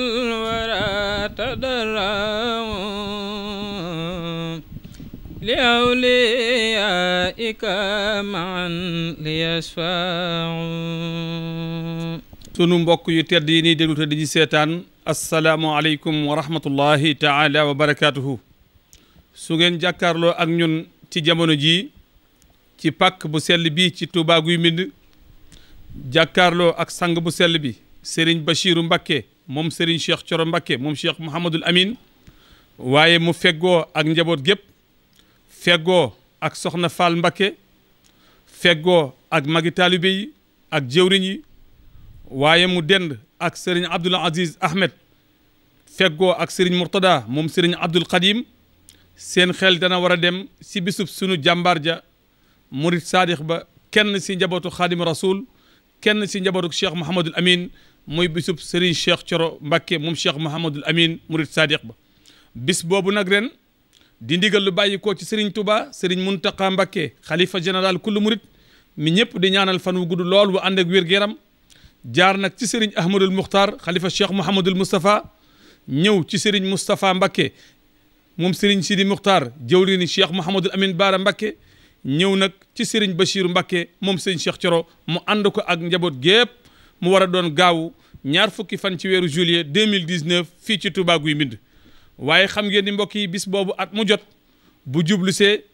الورى تدرم لأوليائك معا ليشفعوا sunu mbokk yu tedd yi nii déglu seetaan asalaamualeykum wa rahmatullahi taala wa barakaatuhu su ngeen jàkkaarloo ak ñun ci jamono jii ci pak bu sell bi ci Tuubaa guy mbind jàkkaarloo ak sang bu sell bi Serigne Bachiru Mbakke moom Serigne Cheikh Thioro Mbacké moom Cheikh Mouhamadul Amin waaye mu fegoo ak njaboot gépp feggoo ak soxna Fall Mbacké feggoo ak magi taalibe ak jëwriñ waaye mu dend ak Serigne Abdoul Aziz Ahmed feggoo ak Serigne Mourtada moom Serigne Abdoul Khadim seen xel dana war a dem si bisub sunu jàmbaar ja murit saadix ba kenn si njabootu Xaadimu Rasul kenn si njabootu Cheikh Mouhamadul Amin mooy bisub Serigne Cheikh Thioro Mbacke moom Cheikh Mouhamadul Amin Murid Sadiq ba bis boobu nag ren di ndigal lu bàyyi koo ci Serigne tuba Serigne Mountakha Mbacke xalifa général kullu murid mi ñëpp di ñaanal fan wu gudd lool wu ànd ak wér yaram jaar nag ci Serigne Ahmadul Mukhtar xalifa Cheikh Mouhamadul Moustapha ñëw ci Serigne Moustapha Mbacke moom Serigne Sidi Mukhtar jëwriñu Cheikh Mouhamadul Amin Baara Mbacke ñëw nag ci Serigne Bachir Mbacke moom Serigne Cheikh Thioro mu ànd ko ak njaboot gépp mu war a doon gaawu ñaar fukki fan ci weeru juillet 2019 fii ci Touba Guy Mbind waaye xam ngeen ni mbokk yi bis boobu at mu jot bu jublusee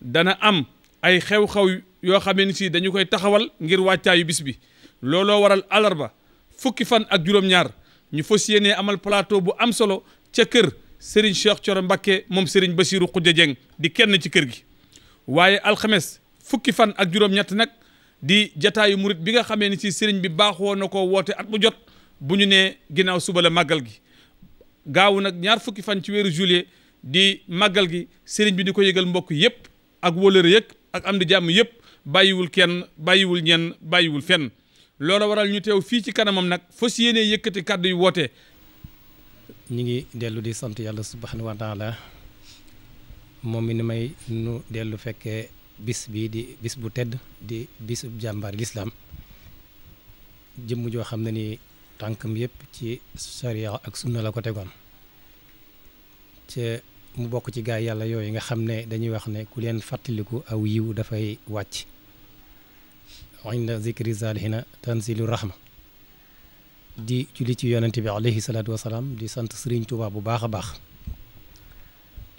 dana am ay xew-xew yoo xamee ni si dañu koy taxawal ngir wàccaayu bis bi looloo waral alarba fukki fan ak juróom-ñaar ñu fas yéenee amal plateau bu am solo ca kër Serigne Cheikh Thioro Mbacké moom Serigne Bassirou Khoudia Dieng di kenn ci kër gi waaye alxames fukki fan ak juróom-ñett nag di jataayu murit bi nga xamee ni si sëriñ bi baaxoo na ko woote at bu jot bu ñu nee ginnaaw suba la màggal gi gaawu nag ñaar fukki fan ci weeru juillet di màggal gi sëriñ bi di ko yëgal mbokk yëpp ak wóolëre yëpp ak am di jàmm yëpp bàyyiwul kenn bàyyiwul ñenn bàyyiwul fenn loola waral ñu teew fii ci kanamam nag fas yéene yëkkati kàddu yu woote. ñu ngi dellu di sant yàlla subhanahu wa taala moom mi ni may nu dellu fekkee bis bii di bis bu tedd di bisu jàmbaari lislaam jëmm joo xam ne ni tànkam yépp ci sariya ak sunna la ko tegoon te mu bokk ci gaa yàlla yooyu nga xam ne dañuy wax ne ku leen fàttaliku aw yiw dafay wàcc inda zikri zalihina tanzilu rahma di julli ci yonente bi alayhi salaatu wasalaam di sant Sëriñ Tuubaa bu baax a baax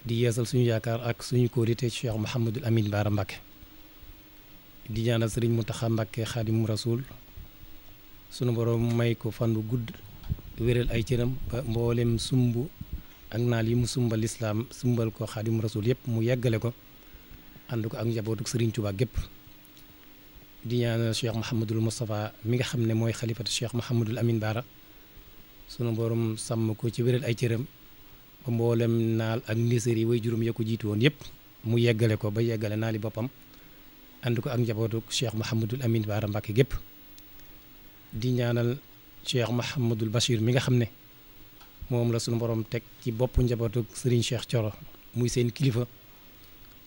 di yeesal suñu yaakaar ak suñu kóolite Cheikh Mouhamadul Amin Baara Mbacke di ñaanal sëriñ Mountakha Mbacke xaadimu rasul sunu borom may ko fan gudd wéral ay cëram mboolem sumb ak naa li mu sumbal lislaam sumbal ko xaadimu rasul yëpp mu yàggale ko ànd ko ak njabootuk sëriñ Tuubaa gépp di ñaanal Cheikh Mouhamadul Moustapha mi nga xam ne mooy xalifatu Cheikh Mouhamadul Amin Baara sunu borom sàmm ko ci wéral ay cëram. ba mboolem naal ak nisër yi way juróom ya jiitu woon yëpp mu yeggale ko ba yeggale naali boppam ànd ko ak njabootu cheikh Mouhamadul Amin Baara Mbacke gépp di ñaanal cheikh Mouhamadul Bachir mi nga xam ne moom la sunu boroom teg ci boppu njabootu Serigne Cheikh Thioro muy seen kilifa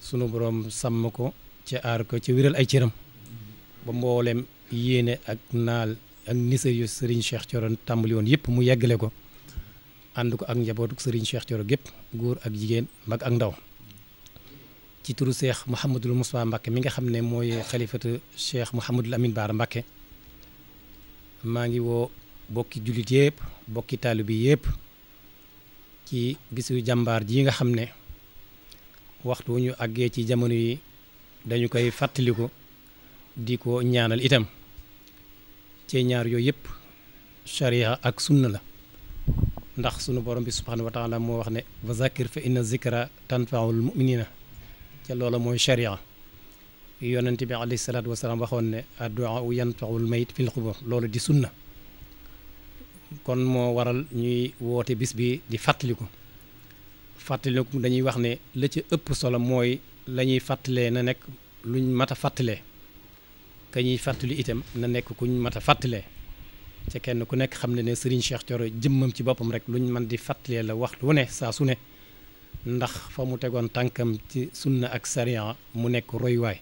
sunu boroom sàmm ko ca aar ko ca wéral ay cëram ba mboolem yéene ak naal ak nisër yu Serigne Cheikh Thioro tàmbali woon yëpp mu yeggale ko. ànd ko ak njabootu sëriñ Cheikh Thioro gépp góor ak jigéen mag ak ndaw ci turu Cheikh Mouhamadul Moussa Mbacke mi nga xam ne mooy xalifatu Cheikh Mouhamadul Amin Baara Mbacke maa ngi woo bokki jullit yëpp bokki taalibe bi yëpp ci bisu jàmbaar ji nga xam ne waxtu wu ñu àggee ci jamono yi dañu koy fàttaliku di ko ñaanal itam ci yooyu yëpp charia ak sunna la ndax sunu borom bi subhanahu wa taala moo wax ne wa zakir fa inna zikra tanfaul muminina ca loola mooy sharia yonente bi alayhi salaatu wasalaam waxoon ne addu'a yanfaul mayit fil xubur loolu di sunna kon moo waral ñuy woote bis bi di fàttaliku fàttaliku dañuy wax ne la ca ëpp solo mooy la ñuy fàttalee na nekk luñ mat a fàttalee ka ñuy fàttali itam na nekk kuñ mat a fàttalee ca kenn ku nekk xam ne ne Serigne Cheikh jëmmam ci boppam rek ñu mën di fàttalee la wax lu ne saa su ne ndax fa mu tegoon tànkam ci sunna ak sariyan mu nekk royuwaay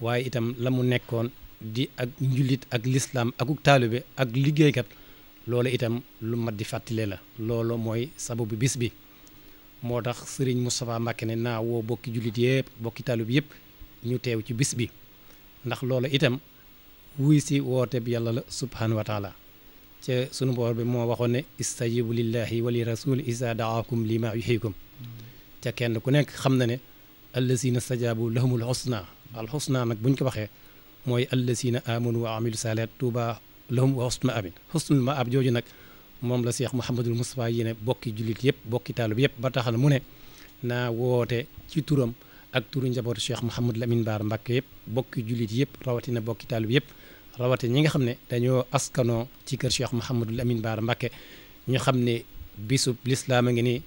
waaye itam la mu nekkoon di ak njulit ak lislaam akuk taalibe ak liggéeykat loolu itam lu mat di fàttalee la loolu mooy sababu bis bi moo tax sëriñ Moustapha Mbacké ne naa bokki jullit yëpp bokki taalib yëpp ñu teew ci bis bi ndax loolu itam wuy si woote bi yàlla la subhanahu wa ca sunu boor bi moo waxoon ne istajibu lillahi wa li rasuli isa daakum li ma yuxiikum ca kenn ku nekk xam na ne allazina stajaabu lahumul xusna al xusna nag buñ ko waxee mooy allazina amanu wa amilu saalihaat tuuba lahum wa xusnul maab ma ab jooju nag moom la seex Muhammadul Mustafaa yi ne bokki jullit yëpp bokki taalib yëpp ba tax na mu ne naa woote ci turam ak turu njabootu cheikh Mouhamadul Amin Baar Mbàkke yëpp bokki jullit yëpp rawatina bokki taalib yëpp rawati ñi nga xam ne dañoo askanoo ci kër Cheikh Mouhamadul Amin Baara Mbacké ñu xam ne bisub lislaam a ngi nii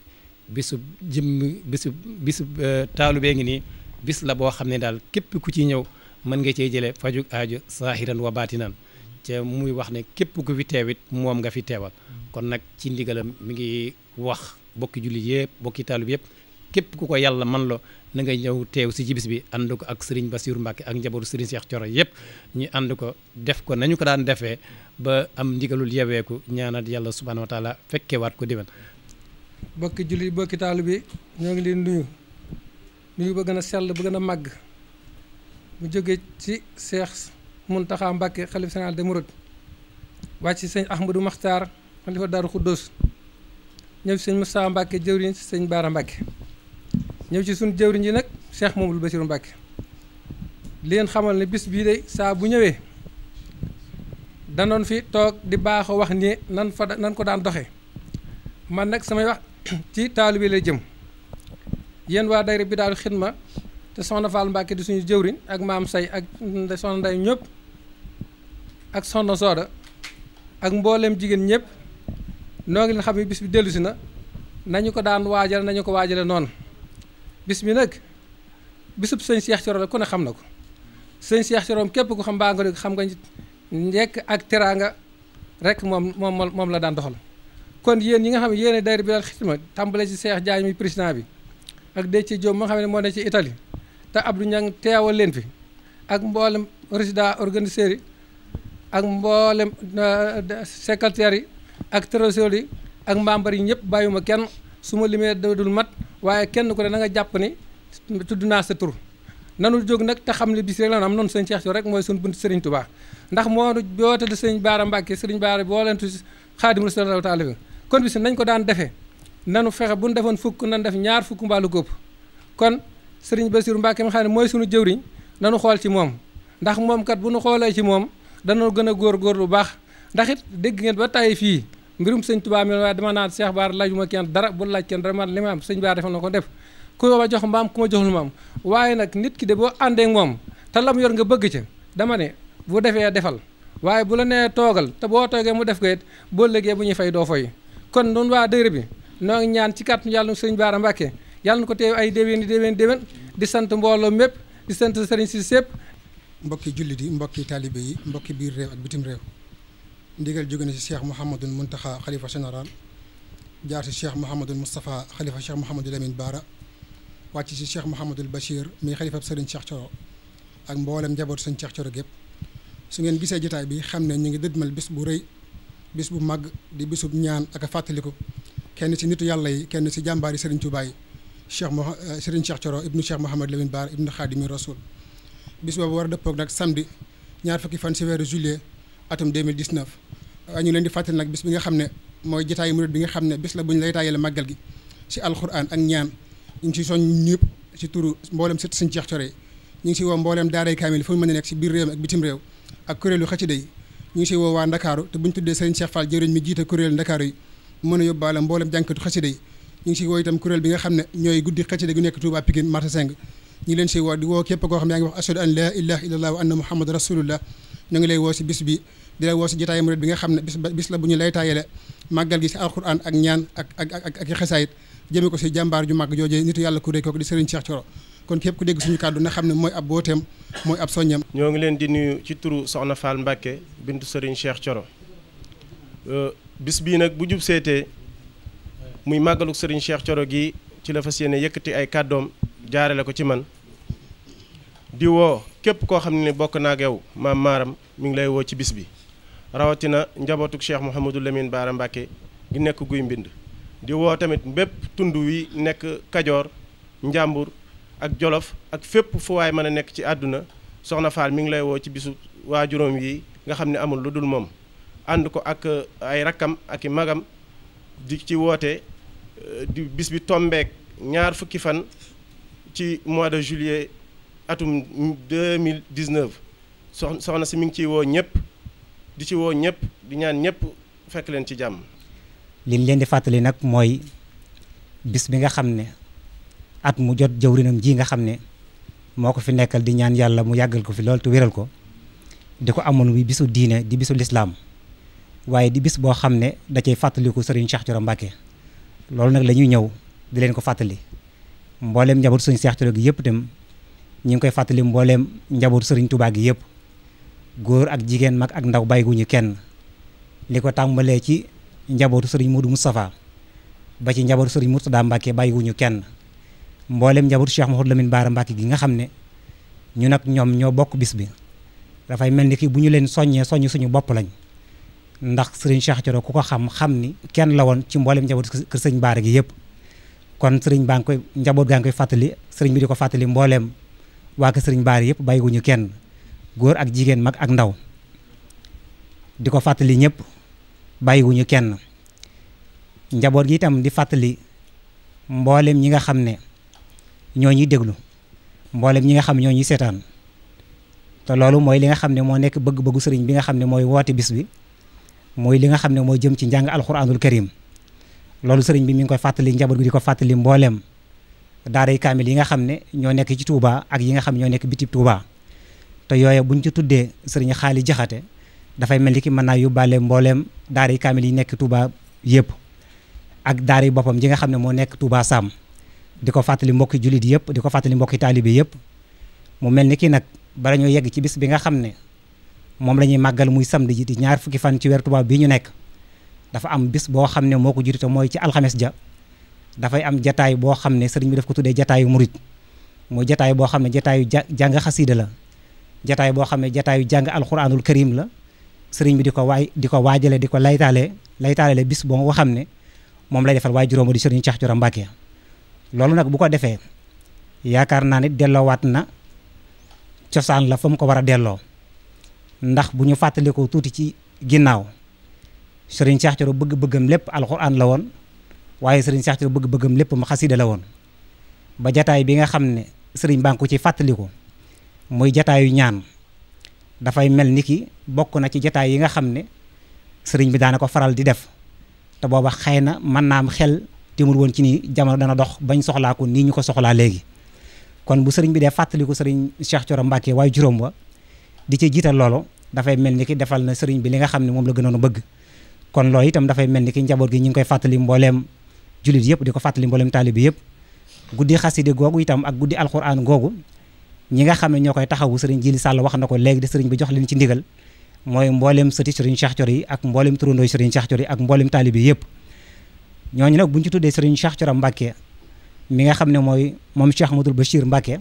bisub jëmm bisub bisub euh, taalubee ngi nii bis la boo xam ne daal képp ku ci ñëw mën nga cee jëlee fajug aaju saahiran wa baatinan te muy wax ne képp ku fi teewit moom nga fi teewal kon nag ci ndigalam mi ngi wax bokki jullit yëpp bokki taalib yëpp képp ku ko yàlla man lo na nga ñëw teew si ci bis bi ànd ko ak Serigne Bassirou Mbacke ak njabootu Serigne Cheikh Thioro yëpp ñu ànd ko def ko nañu ko daan defee ba am ndigalul yeweeku ñaanat yàlla subhanahu wa taala fekkewaat ko diwen bokki julli bokki taalu bi ñoo ngi leen nuyu nuyu ba gën a sell ba gën a màgg mu jóge ci Cheikh Mountakha Mbacke xalif général des mourides wàcc ci sëñ Ahmadou Makhtar xalifa Daaru Xuddoos ñëw ci sëñ Moussa Mbacke jëwriñ ci sëñ Baara Mbacke ñëw ci suñu jëwriñ yi nag Cheikh Mamadou Bassirou Mbacke leen xamal ne bis bii de saa bu ñëwee danoon fi toog di baaxoo wax ni nan fa nan ko daan doxe man nag samay wax ci taalibe lay jëm yenn waa daayira bi daal ma te soxna Fall Mbacke di suñu jëwriñ ak maam say ak soxna nday ñëpp ak soxna sooda ak mbooleem jigéen ñépp noo ngi leen xam ne bis bi dellusi na nañu ko daan waajal nañu ko waajale noonu bis bi nag bisub sëñ Cheikh Thioro la ku ne xam na ko sëñ Cheikh Thioro képp ku xam mbaa nga xam nga njekk ak teraanga rek moom moom moom la daan doxal. kon yéen yi nga xam ne yéen daayira Bilaal Xidma tàmbale ci Cheikh Diagne mi président bi ak Déthié Diop moo xam ne moo ne ci itali te Abdou Niang teewal leen fi ak mboolem résident organisateurs yi ak mboolem euh, secrétaire yi ak trésorier yi ak membre yi ñëpp bàyyuma kenn su ma limee dul mat. waaye kenn ku ne na nga jàpp ni tudd naa sa tur nanu jóg nag te xam ne bis rek la am noonu sëñ Cheikh rek mooy suñu bunt Serigne Touba ndax moo boote di sëñ Baara Mbacke sëriñ Baara boo leen tudd xaadimu rasuul taala bi kon bis nañ ko daan defee nanu fexe bu ñu defoon fukk nan def ñaar fukk mbaalu góob kon sëriñ Bassirou Mbacke mi xam ne mooy sunu jëwriñ nanu xool ci moom ndax moom kat bu nu xoolee ci moom dana gën a góor lu baax ndax it dégg ngeen ba tàyyi fii mbirum sëñ Tuubaa mi waaye dama naan Cheikh Bara laajuma kenn dara bu laaj kenn dara man li ma am sëñ Bara na ko def ku ma jox mbaam ku ma joxul mbaam waaye nag nit ki de boo àndee moom te la lam yor nga bëgg ca dama ne bu defee defal waaye bu la nee toogal te boo toogee mu def ko it boo lëgee bu ñu fay doo foy kon noonu waa dëgër bi noo ngi ñaan ci kàttan yàlla sëñ Bara Mbàkke yàlla na ko teew ay déwén i déwén déwén di sant mbooloo mépp di sant sëriñ si sépp mbokki jullit yi mbokki taalibe yi mbokki biir réew ak bitim réew ndigal jóge na si cheikh Mouhamadul Mountakha xalifa général jaar si cheikh Mouhamadul Moustapha xalifa cheikh Mouhamadul Amin Baara wàcc si cheikh Mouhamadul Bachir mi xalifa sëriñ Cheikh Thioro ak mboolem njaboot sëriñ Cheikh Thioro gépp su ngeen gisee jotaay bi xam ne ñu ngi dëdmal bis bu rëy bis bu mag di bisub ñaan ak a fàttaliku kenn si nitu yàlla yi kenn si jàmbaari sëriñ Touba yi cheikh mo euh, sëriñ Cheikh Thioro ibnu cheikh Mouhamadul Lamine Baara ibnu Xaadimi Rasul bis boobu war a ñaar fukki fan si weeru juillet atum 2019 ñu leen di fàttali nag bis bi nga xam ne mooy jotaayu murit bi nga xam ne bis la bu ñu lay taayale màggal gi si alxuraan ak ñaan ñu ngi si ñëpp si turu mboolem sët sëñ Cheikh ñu ngi si woo mboolem daaray kaamil fu mu mën a nekk si biir réew mi ak bitim réew ak kuréelu xasida waa ndakaaru te bu tuddee sëriñ Cheikh Fall jëriñ mi jiite kuréelu ndakaaru yi mën a ñu ngi si woo itam kuréel bi nga xam ne ñooy guddi xasida gu nekk Touba Pikine marché 5 ñu si woo di woo xam ne yaa ngi wax ashhadu an la ilaha illallah wa anna muhammad lay woo si bis bi di la woo si jotaay murid bi nga xam ne bis bis la bu ñu lay taayale màggal gi si alxuraan ak ñaan ak ak ak ak xesaayit jëmee ko si jàmbaar ju màgg jooje nitu yàlla ku réy kooku di Serigne Cheikh Thioro kon képp ku dégg suñu kàddu na xam ne mooy ab booteem mooy ab soññam. ñoo ngi leen di nuyu ci turu Soxna Fall Mbacke bintu Serigne Cheikh Thioro euh, bis bii nag bu jub seetee muy màggalu Serigne Cheikh Thioro gi ci la fas yéene yëkkati ay kàddoom jaarale ko ci man di woo képp koo xam ne bokk naa ak yow maam maaram mi ngi lay woo ci bis bi. rawatina njabootuk cheikh Mouhamadul Lamine Baara Mbacke gi nekk guy mbind di woo tamit bépp tund wi nekk Kajoor Njàmbur ak Jolof ak fépp fu waay mën a nekk ci àdduna soxna Fall mi ngi lay woo ci bisu waa waajuróom yi nga xam ne amul lu dul moom ànd ko ak uh, ay rakkam ak i magam di ci woote uh, di bis bi tombeek ñaar fukki fan ci mois de juillet atum 2019 soxna si mi ngi ciy woo ñëpp di ci woo ñëpp di ñaan ñëpp fekk leen ci jàmm. li leen di fàttali nag mooy bis bi nga xam ne at mu jot jëwrinam ji nga xam ne moo ko fi nekkal di ñaan yàlla mu yàggal ko fi loolu te wéral ko di ko amoon wi bisu diine di bisu lislaam waaye di bis boo xam ne da cay fàttaliku Serigne Cheikh Thioro Mbacke loolu nag la ñëw di leen ko fàttali mbooleem njabootu Serigne Cheikh Thioro gi yëpp dem ñu ngi koy fàttali mbooleem njabootu Serigne Touba gi yëpp. góor ak jigéen mag ak ndaw bàyyiguñu kenn li ko tàmbalee ci njabootu sëriñ Modou Moustapha ba ci njabootu sëriñ Mourtada Mbacke bàyyiguñu kenn mboolem njabootu Cheikh Mouhamadou Lamine Bara gi nga xam ne ñu nag ñoom ñoo bokk bis bi dafay mel ni ki bu ñu leen soññee soññ suñu bopp lañ ndax sëriñ Cheikh Thioro ku ko xam xam ni kenn la woon ci mboolem njabootu kër sëriñ Bara gi yëpp kon sëriñ baa ngi koy njaboot gaa ngi koy fàttali sëriñ bi di ko fàttali mbooleem waa kër sëriñ Bara yëpp bàyyiguñu kenn góor ak jigéen mag ak ndaw di ko fàttali ñëpp bàyyiwuñu kenn njaboot gi itam di fàttali mboolem ñi nga xam ne ñoo ñuy déglu mboolem ñi nga xam ñoo ñuy seetaan te loolu mooy li nga xam ne moo nekk bëgg-bëggu sëriñ bi nga xam ne mooy woote bis bi mooy li nga xam ne moo jëm ci njàng alxuraanul karim loolu sëriñ bi mi ngi koy fàttali njaboot gi di ko fàttali mboolem daaray kaamil yi nga xam ne ñoo nekk ci Touba ak yi nga xam ñoo nekk bi bitib Touba. te bu ñu ci tuddee sëriñ xaali jaxate dafay mel ni ki mën naa yóbbaale mbooleem daara yi yi nekk tubaab yëpp ak daari boppam ji nga xam ne moo nekk Touba Sam di ko fàttali mbokki jullit yëpp di ko fàttali mbokki taalibe yëpp mu mel ni kii nag bala ñoo yegg ci bis bi nga xam ne moom la màggal muy samedi ji di ñaar fukki fan ci weer Touba bii ñu nekk dafa am bis boo xam ne moo ko jiitu mooy ci alxames ja dafay am jataay boo xam ne sëriñ bi daf ko tuddee jataayu murit mooy jataay boo xam ne jataayu jàng xasiida la jataay boo xam ne jataayu jàng alxuraanul karim la sëriñ bi di ko waay di ko waajale di ko laytaale laytaalale bis boo nga xam ne moom lay defal waay juróoma di sëriñ Cheikh Thioro Mbacké loolu nag bu ko defee yaakaar naa ne delloowaat na cosaan la fa mu ko war a delloo ndax bu ñu fàttalikoo tuuti ci ginnaaw sëriñ Cheikh bëgg-bëggam lépp alxuraan la woon waaye sëriñ Cheikh bëgg-bëggam lépp mu xasida la woon ba jataay bi nga xam ne sëriñ baa ngi ko ci fàttaliku muy jataayu ñaan dafay mel ni ki bokk na ci jataay yi nga xam ne sëriñ bi daana ko faral di def te booba xëy na mën naa am xel timul woon ci ni jamono dana dox bañ soxlaa ko nii ñu ko soxlaa léegi kon bu sëriñ bi dee fàttaliku sëriñ Cheikh Thioro Mbacke waaye juróom wa di ci jiital loolu dafay mel ni ki defal na sëriñ bi li nga xam ne moom la gënoon a bëgg kon loolu itam dafay mel ni ki njaboot gi ñu ngi koy fàttali mbooleem jullit yëpp di ko fàttali mbooleem taalibi yëpp guddi ak guddi alxuraan googu ñi nga xam ne ñoo koy taxawu sëriñ Jili Sall wax na ko léegi di sëriñ bi jox leen ci ndigal mooy mboolem sëti sëriñ Cheikh yi ak mboolem turandoo sëriñ Cheikh Thioro ak mboolem taalibe yëpp ñooñu nag bu ñu ci tuddee sëriñ Cheikh Thioro Mbacke xam ne mooy moom Cheikh Amadou Bachir Mbacke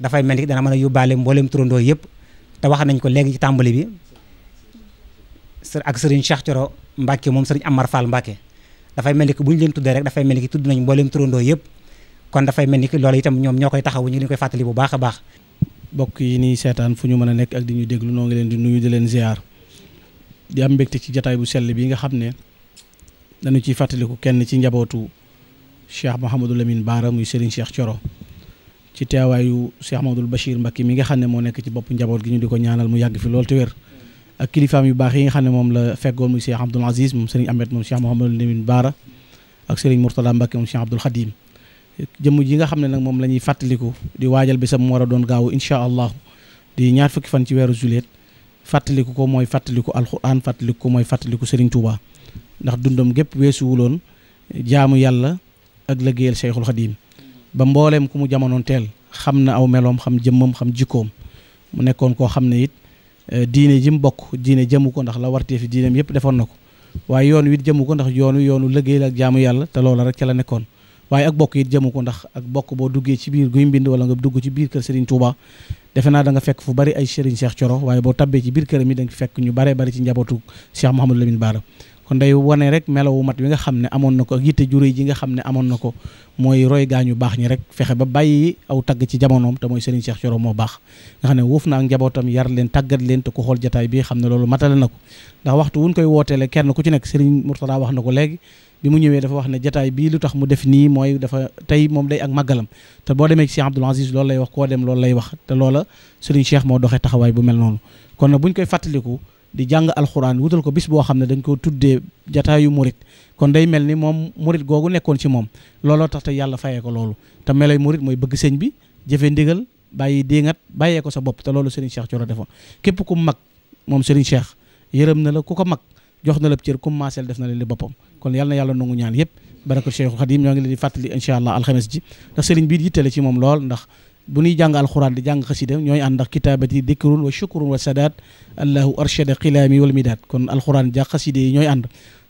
dafay mel ni dana mën a yóbbaale mboolem turandoo yëpp te wax nañ ko léegi ci tàmbali bi ak sëriñ Cheikh Thioro Mbacke moom sëriñ Amar Fall Mbacke dafay mel ni bu ñu leen tuddee rek dafay mel ni tudd nañ mboolem turandoo yëpp kon dafay mel ni loolu itam ñoom ñoo koy taxawu ñu ngi koy fàttali bu baax a baax. mbokk yi nii seetaan fu ñu mën a nekk ak di ñu déglu noo ngi leen di nuyu di leen ziar di am mbégte ci jataay bu sell bi nga xam ne dañu ciy fàttaliku kenn ci njabootu Cheikh Mouhamadou Lamine Baara muy Serigne Cheikh Thioro ci teewaayu Cheikh Mouhamadoul Bachir Mbacke mi nga xam ne moo nekk ci bopp njaboot gi ñu di ko ñaanal mu yàgg fi lool te wér ak kilifaam yu baax yi nga xam ne moom la feggoon muy Cheikh Abdoul Aziz moom Serigne Ahmed moom Cheikh Mouhamadou Lamine Baara ak Serigne Mourtada Mbacke moom Cheikh Abdoul Khadim jëmm ji nga xam ne nag moom la ñuy fàttaliku di waajal bisam mu war a doon gaaw incha allah di ñaar fukki fan ci weeru juillet fàttaliku ko mooy fàttaliku alxuraan fàttaliku ko mooy fàttaliku Serigne Touba ndax dundam gépp weesuwu loon jaamu yàlla ak lëggéeyal Cheikhul Khadim ba mbooleem ku mu jamonoon teel xam na aw meloom xam jëmmam xam jikkoom mu nekkoon koo xam ne it eh, diine ji mu bokk diine jëmu ko ndax la wartee fi diineem yëpp defoon na ko waaye yoon wi jëmu ko ndax yoonu yoonu lëggéeyal ak jaamu yàlla te loola rek ca la nekkoon waaye ak bokk it jëmu ko ndax ak bokk boo duggee ci biir guy mbind wala nga dugg ci biir kër Serigne Touba defe naa da nga fekk fu bari ay Serigne Cheikh Thioro waaye boo tabbee ci biir këram yi da fekk ñu baree bari ci njabootu Cheikh Mouhamadou Lamine wane rek melawu mat wi nga xam ne amoon na ko ak yitte juréy ji nga xam ne amoon na ko mooy roy gaañu baax ñi rek fexe ba bàyyi aw tagg ci jamonoom te mooy Serigne Cheikh Thioro moo baax nga xam ne wuuf na ak njabootam yar leen tàggat leen te ku xool jataay bi xam ne loolu matale na ko ndax waxtu wuñ koy wooteele kenn ku ci nekk Serigne Mourtada wax na ko léegi bi mu ñëwee dafa wax ne jataay bii lu tax mu def nii mooy dafa tey moom day ak màggalam te boo demee ci Cheikh Abdoul Aziz loolu lay wax koo dem loolu lay wax te loola Serigne Cheikh moo doxee taxawaay bu mel noonu kon nag buñ koy fàttaliku di jàng alxuraan wutal ko bis boo xam ne dañ ko tuddee jataayu murit kon day mel ni moom murit googu nekkoon ci moom looloo tax te yàlla fayee loolu te melay murit mooy bëgg sëñ bi jëfe ndigal bàyyi déngat bàyyee ko sa bopp te loolu Serigne Cheikh coro defoon képp ku mag moom Serigne Cheikh yërëm na la ku ko mag jox na la cër commencé def na leen li boppam kon yal na yàlla nangu ñaan yëpp baraka Cheikh Khadim ñoo ngi leen di fàttali incha allah alxames ji ndax sëriñ bi yittale ci moom lool ndax bu ñuy jàng alxuraan di jàng xasida ñooy ànd ndax kitaabati dikrun wa shukrun wa sadaat allahu arshada xilaami wal kon alxuraan jàng xasida yi ñooy ànd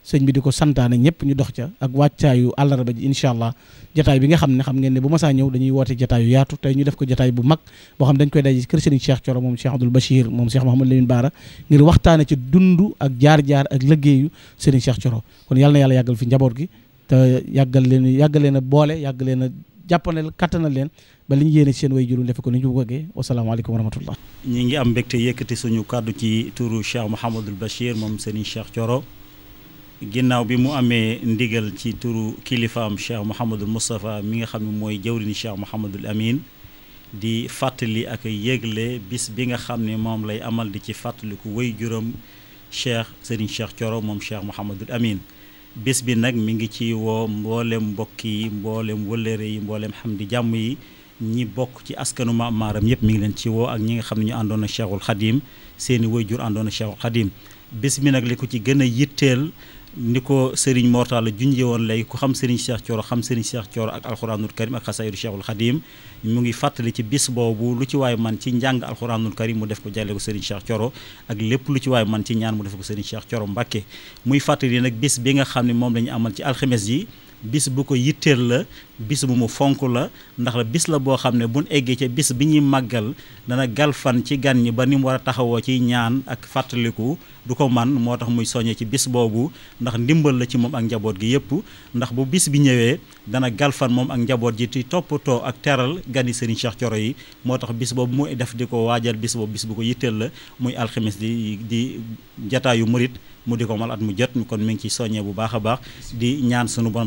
sëñ bi di ko santaane ñëpp ñu dox ca ak wàccaayu àllarba ji incha allah jataay bi nga xam ne xam ngeen ne bu ma saa ñëw dañuy woote jataay yaatu tey ñu def ko jataay bu mag boo xam dañ koy daje kër sëriñ Cheikh Thioro moom Cheikh Abdoul Bachir moom Cheikh Mouhamadou Lamine Bara ngir waxtaane ci dund ak jaar-jaar ak liggéeyu sëriñ Cheikh Thioro kon yàlla yàlla yàggal fi njaboot gi te leen yàggal leen a boole yàggal leen a jàppanal kattanal leen ba li ñu yéene seen way juróom ko ni ñu bëggee wasalaamaaleykum wa rahmatullah ñi ngi am mbégte yëkkati suñu kàddu ci turu Cheikh Mouhamadou Bachir moom sëriñ Cheikh Thioro ginnaaw bi mu amee ndigal ci turu kilifaam cheikh Mouhamadul Moustapha mi nga xam ne mooy jawrini cheikh Mouhamadul Amin di fàttali ak yégle bis bi nga xam ne moom lay amal di ci fàttaliku wéy juróom cheikh Serigne Cheikh coro moom cheikh Mouhamadul Amin bis bi nag mi ngi ci woo mboolem mbokk yi mboolem wëllëre yi mboolem xam di jàmm yi ñi bokk ci askanu maam maaram yëpp mi ngi leen ci woo ak ñi nga xam ne ñu àndoon ak cheikhul xadim seeni woy jur àndoon ak cheikhul xadim bis bi nag li ko ci gën yitteel ni ko Serigne la ju woon léegi ku xam Serigne Cheikh Thioro xam Serigne Cheikh Thioro ak alxuraanul karim ak xasaydu Cheikhul Xadim mu ngi fàttali ci bis boobu lu ci waay man ci njàng alxuraanul karim mu def ko jàlle ko Serigne Cheikh Thioro ak lépp lu ci waay man ci ñaan mu def ko Serigne Cheikh Thioro Mbàkke muy fàttali nag bis bi nga xam ne moom la ñu amal ci alxames yi bis bu ko yitteel la bis bu mu fonk la ndax la bis la boo xam ne bu buñ eggee ca bis bi ñuy màggal dana galfan ci gan ñi ba ni mu war a taxawoo ci ñaan ak fàttaliku du ko man moo tax muy soññee ci bis boobu ndax ndimbal la ci moom ak njaboot gi yëpp ndax bu bis bi ñëwee dana galfan moom ak njaboot ji ci toppatoo ak teral gani Serigne Cheikh coro yi moo tax bis boobu mu def di ko waajal bis boobu bis bu ko yitteel la muy alxemes di di jataayu murit mu di ko mal at mu jot kon mi ngi ci soññee bu baax a baax di ñaan sunu borom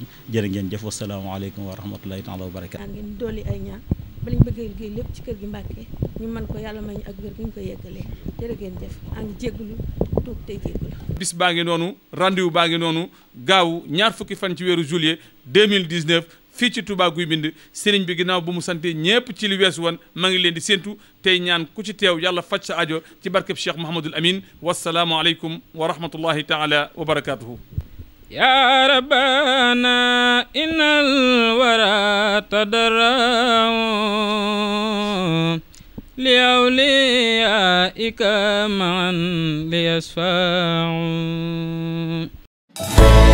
karim jërë ngeen jëf wasalaamaaleykum wa rahmatulahi taala wa barakaatu ngeen dolli ay ñaan ba lañ liggéey lépp ci kër gi Mbàkke ñu mën ko yàlla may ñu ak wér gi ñu ko yeggalee jërë ngeen jëf a ngi jéggulu tuub tey jéggulu bis baa ngi noonu rendez-vous baa ngi noonu gaaw ñaar fukki fan ci weeru juillet 2019 fii ci Touba Guy bind sëriñ bi ginnaaw bu mu sante ñépp ci li weesu woon ma ngi leen di séentu tey ñaan ku ci teew yàlla faj sa ajo ci barkeb Cheikh Mahamadul Amin wasalaamu aleykum wa rahmatullahi taala wa يا ربنا إن الورى تدرى لأوليائك معا ليشفعوا